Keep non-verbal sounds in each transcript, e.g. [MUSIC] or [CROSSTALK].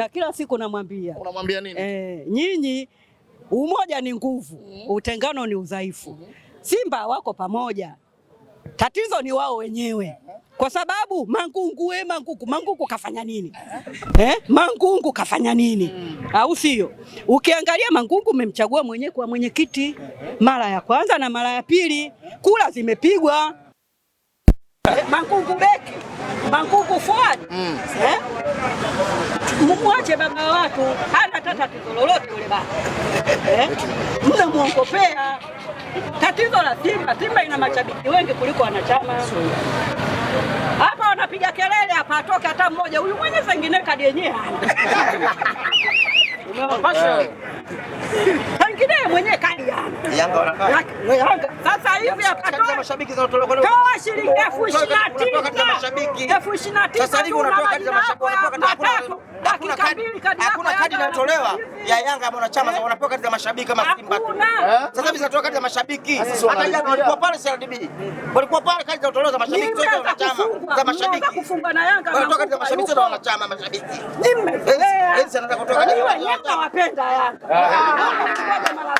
na kila siku namwambia. Unamwambia nini? Eh, nyinyi umoja ni nguvu mm. Utengano ni udhaifu mm. Simba wako pamoja, tatizo ni wao wenyewe mhm. kwa sababu Mangungu we Mangungu, Mangungu kafanya nini mhm. eh? Mangungu kafanya nini mm. au sio? Ukiangalia Mangungu umemchagua mwenyewe kwa mwenyekiti mhm. mara ya kwanza na mara ya pili, kula zimepigwa. Mangungu eh, Beki, Mangungu Fuadi mm. eh? Mumwache baba watu, hana tatizo lolote yule baba eh? Mna muongopea tatizo la Simba. Simba ina mashabiki wengi kuliko wanachama hapa, wanapiga kelele hapa, atoke hata mmoja huyu mwenye sengine kadi yenyewe hana sengine [LAUGHS] eh. mwenyewe kadi hana Yanga sasa hivi toa shilingi elfu ishirini na tisa elfu ishirini na tisa sasa hivi unatoa kadi matatu dakika mbili kadi hakuna kadi inayotolewa ya Yanga ya mwanachama sasa eh? wanapewa kadi za mashabiki kama Simba tu eh? sasa hivi zinatoa kadi za mashabiki walikuwa pale CRDB walikuwa pale kadi zinatolewa za mashabiki zote wanachama za mashabiki kufunga na Yanga wanatoa kadi za mashabiki zote wanachama mashabiki nimeelewa Yanga wapenda Yanga eh.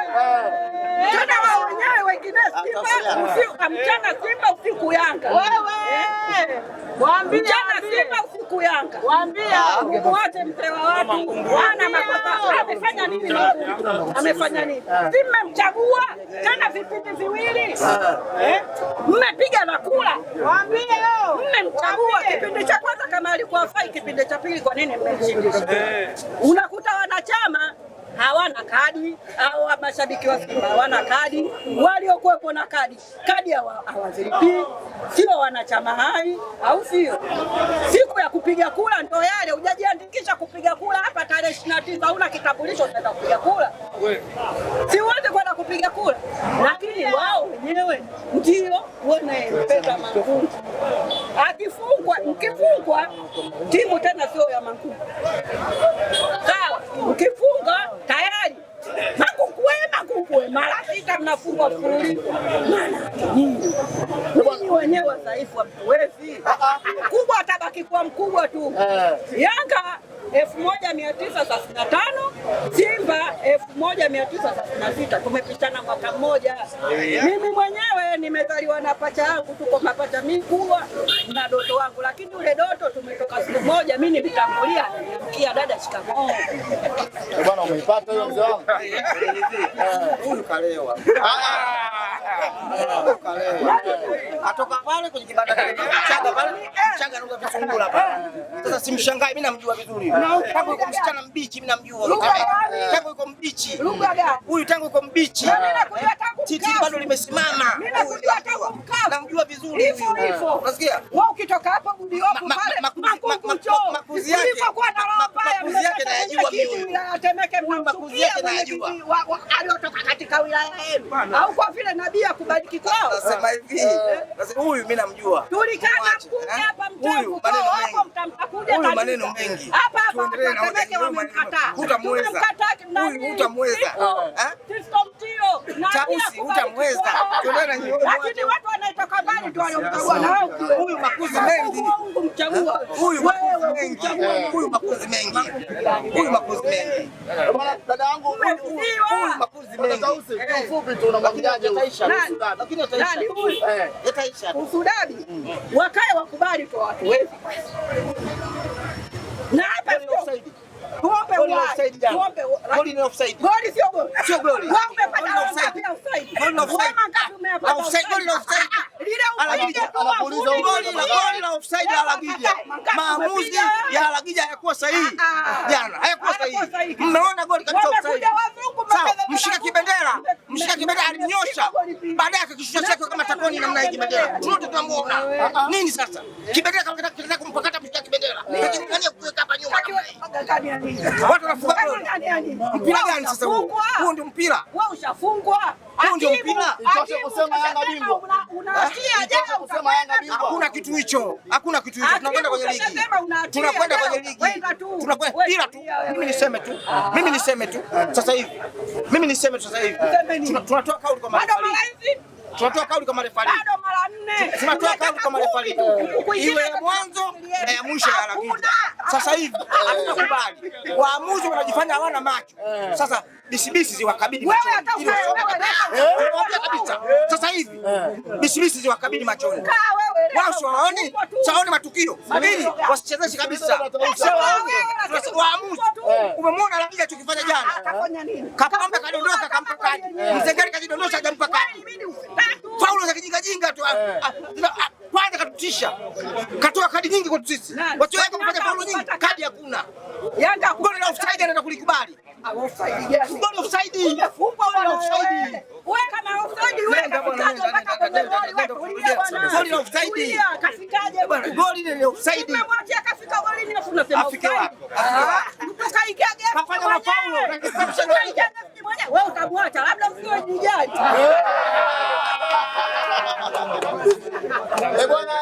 mchana Simba usiku Yanga, mchana Simba usiku Yanga, wote ah, mpewa watu ana makosa. Amefanya nini? Amefanya nini? Ah. Mmemchagua tena vipindi viwili, ah. eh? mmepiga na kula, mmemchagua kipindi cha kwanza, kama alikuwa fai kipindi cha pili, kwa nini mmemshindisha? Eh. Unakuta wanachama hawana kadi au mashabiki wa Simba hawana kadi, waliokuwepo na kadi kadi hawazilipii, sio wanachama hai, au sio? Siku ya kupiga kura ndo yale, hujajiandikisha kupiga kura hapa tarehe ishirini na tisa, huna kitambulisho, utaenda kupiga kura? Si wote kwenda kupiga kura, lakini wao wenyewe ndio wanaelekeza makundi. Akifungwa, mkifungwa timu tena sio ya makuu mnafungwa mfululizo, maana nyinyi wenyewe wadhaifu, hamtuwezi. Ah, ah. Mkubwa atabaki kuwa mkubwa tu. Eh. Yanga 1935 Simba 1936. Tumepishana mwaka mmoja. Mimi mwenyewe nimezaliwa na pacha yangu, tuko mapacha mikubwa na doto wangu, lakini ule doto tumetoka siku moja, mimi nilitangulia kia dada, shikamoo eh, bwana. Umeipata hiyo mzee wangu? [LAUGHS] Eh, Huyu kalewa. Ah, ah, ah, Atoka pale kwenye kibanda kile mchanga pale, mchanga anaoga vitungula pale. Sasa simshangai mimi, namjua vizuri tangu yuko msichana mbichi, mimi namjua tangu yuko mbichi huyu, tangu yuko mbichi titi bado limesimama, namjua vizuri Unasikia wewe, ukitoka hapo gudio pale makuzi yake aliotoka katika wilaya yenu, au kwa vile nabii akubariki kwao? Eh. Nasema hivi, huyu mimi namjua, tulikaa eh? hapa mtamtakuja maneno mengi hapa, Temeke wamemkataa, hutamweza Wamarekani eh. wakae wakubali kwa watu wetu. Na hapa sio Goli sio goli. Sio goli. Wao offside. Goli offside. Goli offside goli la offside la Lagija, maamuzi ya Lagija hayakuwa sahihi ah, ah. jana, hayakuwa sahihi. Mmeona goli katika offside. Mshika kibendera, mshika kibendera alinyosha, baadaye akakishusha chake kama takoni namna hii kibendera. Wote tunamuona. Nini sasa? Kibendera kama kitaka kumpakata mshika kibendera. Akikania kuweka hapa nyuma. Watu wanafunga goli. Mpira gani sasa huo? Huo ndio mpira. Wewe ushafungwa. Huo ndio mpira. Itoshe kusema Yanga bingwa. Hakuna kitu hicho, hakuna kitu hicho. Tunakwenda kwenye ligi, tunakwenda kwenye ligi, tunakwenda bila tu. Mimi niseme tu, mimi niseme tu sasa hivi, mimi niseme tu sasa hivi tunatoa kauli kwa maana tunatoa kauli kama refari. Bado mara nne. Tunatoa kauli kama refari. Iwe ya mwanzo na ya mwisho ya ligi. Sasa hivi hatukubali. Waamuzi wanajifanya hawana macho. Eh. Sasa bisibisi ziwakabidi macho. Wewe hata eh, kabisa. Sasa hivi eh. bisibisi ziwakabidi macho. Wao si waoni? matukio. Mimi wasichezeshe kabisa. Waamuzi umemwona Lamine tukifanya jana. Kapamba kadondoka kampa kadi. Mzengeri kajidondosha jampa kadi majinga tu ah, eh. ah, ah, kwanza katutisha, katoa kadi nyingi kwetu sisi, watu wake kufanya faulu nyingi, kadi hakuna. Yanga goli la offside anaenda kulikubali. Offside gani? Goli offside. Wewe kama offside wewe kafikaje mpaka kwenye goli wewe? Goli offside. Kafikaje bwana? Goli ni offside. Nimemwachia kafika goli ni tunasema afike wapi? Ah, mtakaingia gani? Kafanya faulu. Wewe utamwacha labda usiwe jujali. Bwana.